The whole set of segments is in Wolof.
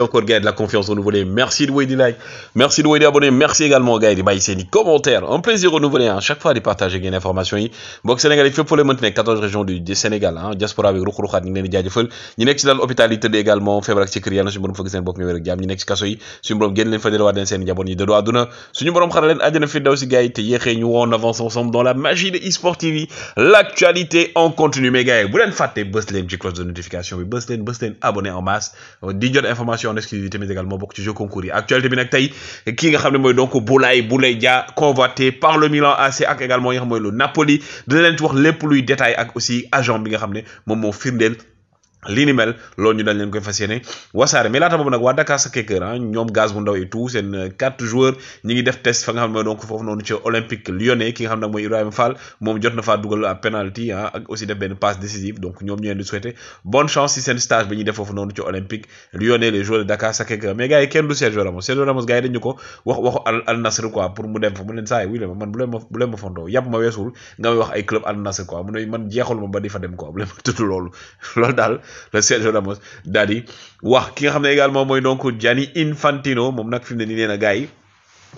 encore gars de la confiance renouvelée merci de des likes merci de des abonnés merci également gars di bàyyi seen commentaires un plaisir renouvelé à hein. chaque fois de partager ngeen information yi mbokk Sénégal yi fépp foo leen 14 régions du Sénégal hein diaspora bi ruq-ruqaat ñu ngi leen di jaajëfal ñu nekk ci daal hôpital yi également feebar ak ci kër yàlla suñu borom fëgg seen bopp ñu wér ak jàmm ñu nekk ci kaso yi suñu borom génn leen fa delluwaat leen seen njaboot ñi dëddu àdduna suñu borom xara leen fi daw gars yi te nous ñu on avance ensemble dans la magie de eSport TV l'actualité en continu mais gars vous bu leen fàtte bës leen ci cloche de notification bi bës leen abonné en masse di jot information en exclusivité mais également bokk ci jeu concours yi actualité bi nag tey ki nga xam donc Boulaye Boulaye Dia convoité par le Milan AC ak également yi nga xam le Napoli De leen ci wax lépp luy détail ak aussi agent bi nga xam ne moom lii ni mel loolu ñu dañ leen koy fas yéene wasaare mais laata boobu nag waa Dakar Sacré-Cœur ah ñoom gaz bu ndaw et tout seen euh, quatre joueurs ñi ngi def test fa nga xam ne donc foofu noonu ci Olympique Lyonnais ki nga xam ne nag mooy na faa dugal à ah, penalty ah ak aussi def benn passe décisive donc ñoom ñu leen di souhaiter bonne chance si seen stage bi ñuy def foofu noonu mais gars yi kenn du Sergio Ramos Sergio Ramos gars yi dañu ko waxu Al Al Nassr quoi pour mu dem fa mu leen saa wuy leen ma man bu leen ma bu yàpp ma weesul nga may wax ay club Al Nassr quoi mu ne le Sergio Ramos daal di wax ki nga xam ne également mooy donc Gianni Infantino moom nag fi mu ne ni nee na gars yi.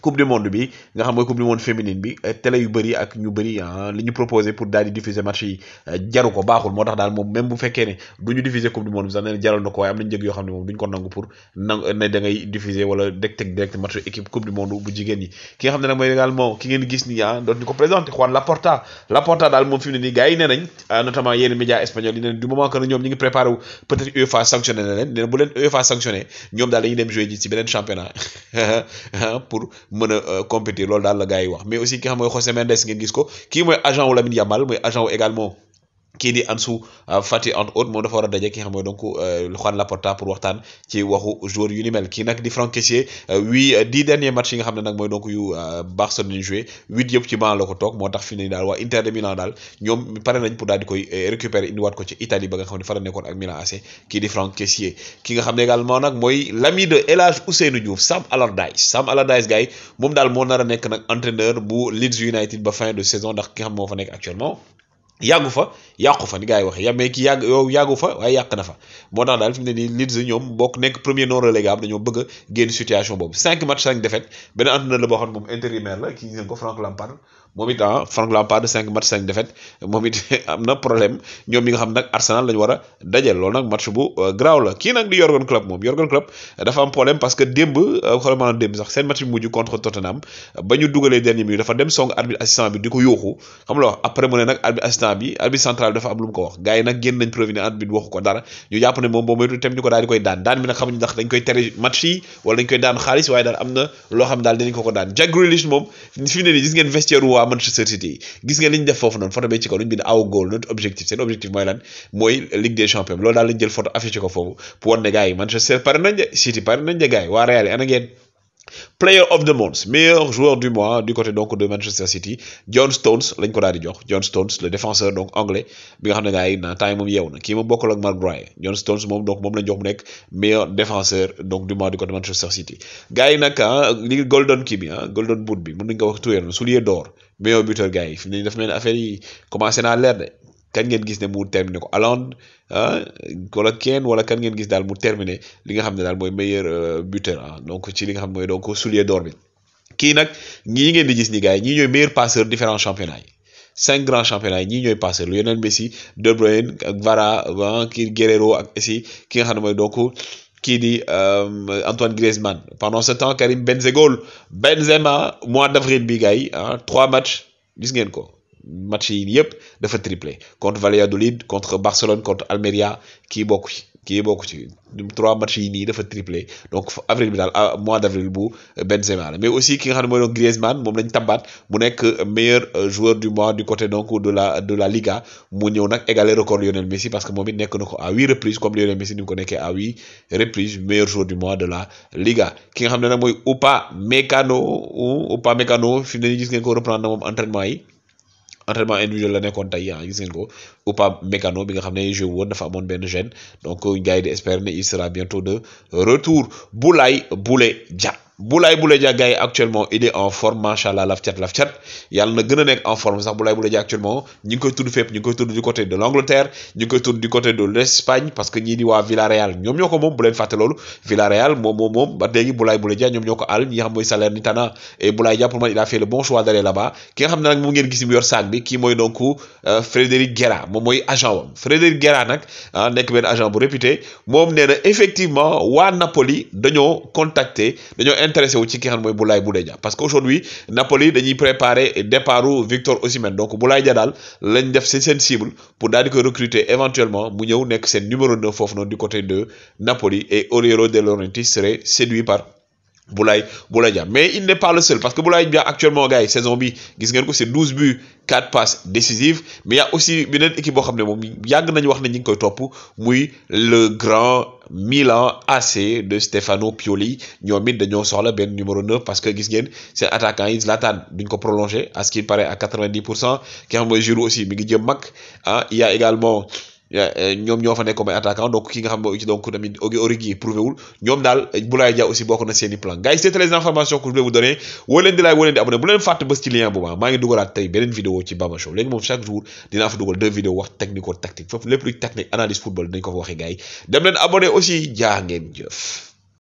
coupe du monde bi nga xam mooy coupe du monde féminine bi eh, télé yu bari ak ñu bëri ah, li ñu proposer pour dal di diffuser match yi eh, jaru ko baaxul motax dal mom même bu fekké ne duñu diffuser coupe du monde bi sax neen jaral na ko waaye am nañu njëg yoo xam ne ko nangu pour nangu ne da ngay diffuser wala direct, direct match équipe coupe du monde bu jigen ñi ki nga xam né nag mooy également ki ngeen gis ni ah doot ñu ko présenter Juan Laporta Laporta dal mom fi ni gaay né nañ ah, notamment yenn médias espagnols yi du moment que ñom ñi ngi préparer peut être UEFA sanctionné na leen nee bu leen UEFA sanctionné ñom dal dañuy dem jouer ci benen championnat ah, pour mën euh, compétir loolu dal la gars wax mais aussi ki xam mooy José Mendes ngeen gis ko ki moy agent wu Lamine Yamal moy agent également kii di Ansu euh, Fati entre autres moom dafa war a daje ki nga xam donc euh, Juan Laporta pour waxtaan ci waxu joueur yu ni mel kii nag di Franck euh, huit dix derniers matchs yi nga xam donc yu Barcelone joué huit yëpp ci banc la ko toog moo tax fi ne Inter de Milan daal ñoom pare nañ pour daal di koy récupérer indiwaat ko ci Italie ba nga fa la ak Milan AC kii di Franck ki nga également nag l'ami de El Hadj Ousseynou Diouf Sam Allardyce Sam Allardyce gars mom moom daal moo nekk entraîneur bu Leeds United ba fin de saison ndax ki xam moo actuellement yàggu fa yàqu fa ni gars yi waxee ya mais ki yàgg yàggu fa waaye yàq na fa moo tax daal fi mu ne nii Leeds ñoom bokk nekk premier non relégable dañoo bëgg a génn situation boobu cinq matchs cinq défaites benn entraîneur la boo xam ne moom intérimaire la kii gis ko Frank Lampard moom it ah am na problème ñoom ñi nga xam nag Arsenal lañu war a loolu nag match bu euh, graaw la kii nag di Jürgen Klopp moom Jürgen Klopp dafa am problème parce que euh, démb sax seen match bi mujj contre Tottenham ba ñu dugalee dernier minute dafa dem song arbitre assistant bi di ko yóoxu xam la wax après mu ne nag arbitre assistant bi arbitre central bi dafa am lu mu ko wax gars nag génn nañ preuve ne waxu ko dara ñu jàpp ne moom boo moytu ñu ko daal di ko waa Manchester City gis nga li def foofu noonu photo bi ci kaw lu ñu bind aw goal notre objectif seen objectif mooy lan mooy Ligue des champions loolu daal lañ jël photo affiché ko foofu pour ne gars yi Manchester pare nañ City pare nañ de gars yi waa Real player of the month meilleur joueur du mois du côté donc de Manchester City John Stones John Stones le défenseur donc anglais qui nga un John Stones donc meilleur défenseur donc du mois du côté de Manchester City Guy Naka ah, golden Kimi ah, golden boot soulier d'or meilleur buteur commencé kan ngeen gis ne mu terminé ko Haaland ah wala Kane wala kan ngeen gis daal mu terminé li nga xam ne daal mooy meilleur euh, buteur ah donc ci li nga xam mooy donc soulier d'or bi kii nag ñi ngeen di gis ni gars yi ñii ñooy meilleur passeur différents championnats yi cinq grands championnats yi ñii ñooy passeur Lionel Messi De Bruyne ak Vara ah, kii Guerrero ak aussi ki nga xam ne mooy donc. qui dit euh, Antoine Griezmann. Pendant ce temps, Karim Benzegol, Benzema, mois d'avril, Bigay, hein, ah, trois matchs, ngeen quoi match yi yëpp dafa triplé contre Valladolid contre Barcelone contre Almeria kii bokk ci kii bokk ci trois match yi nii dafa triplé donc avril bi daal ah, mois d'avril bu Benzema mais aussi ki nga xam ne mooy Griezmann moom lañ tambaat mu meilleur euh, joueur du mois du côté donc de la de la Liga mu ñëw égalé égaler record Lionel Messi parce que moom it nekk na ko à huit reprises comme Lionel Messi ni mu ko nekkee à huit reprises meilleur joueur du mois de la Liga ki nga xam ne nag mooy Upamecano Upamecano fi mu ne gis ngeen ko reprendre na moom entraînement yi entraînement individuel la nekkoon tey ah gis ngeen ko Upamecano Mécano bi nga xam ne joué woon dafa amoon benn jeune donc gars yi di espérer il sera bientôt de retour Boulay, Boulé ja. Boulaye Boulaye Dia actuellement il est en forme machallah allah laf cat laf cat yàlla na gëna a en forme sax Boulaye Boulaye Dia actuellement ñi ngi koy tudd fep ñi ngi koy tudd du côté de l'Angleterre ñi ngi koy tudd du côté de l'Espagne parce que ñi di wa Villarreal ñom ñoko mom bu len faté lolu Villarreal mom mom mom ba léegi Boulaye Boulaye Dia ñoom ñoo ko àll ñi salaire xam mooy et Boulaye Dia pour moi il a fait le bon choix d'aller là-bas ki nga xam ne mo ngeen gis mu yor sac bi ki moy donc euh, Frédéric Guerra mom moy agent wam Frédéric Guerra nak nek ah, nekk agent bu réputé mom néna effectivement wa Napoli dañoo contacté dañoo intéressé au ci ki nga Boulaye parce que aujourd'hui Napoli dañuy préparer départu Victor Osimhen donc Boulaye Dia l'un lañ def pour dire que recruter éventuellement mu ñëw numéro 9 du côté de Napoli et Oliero De Laurenti serait séduit par Boulaye mais il n'est pas le seul parce que Boulaye actuellement gars saison bi c'est 12 buts 4 passes décisives mais il y a aussi une équipe qui est très moom Il y a le grand Milan AC de Stefano Pioli Nous sommes dañoo soxla ben numéro 9 parce que C'est un un attaquant yi Zlatan prolongé à ce qu'il paraît à 90% qui aussi ah. il y a également. Eh, ñoom ñoo fa nekkoon ay attaquant donc ki nga xam ne donc tamit Origi prouvé wul ñoom daal eh, Boulaye Dia aussi bokk na seen i plan gars yi c'était les informations que moom chaque jour dinaa fa dugal deux vidéos wax technique analyse football dinañ ko fa waxee gars dem leen abonné aussi jaa ngeen jëf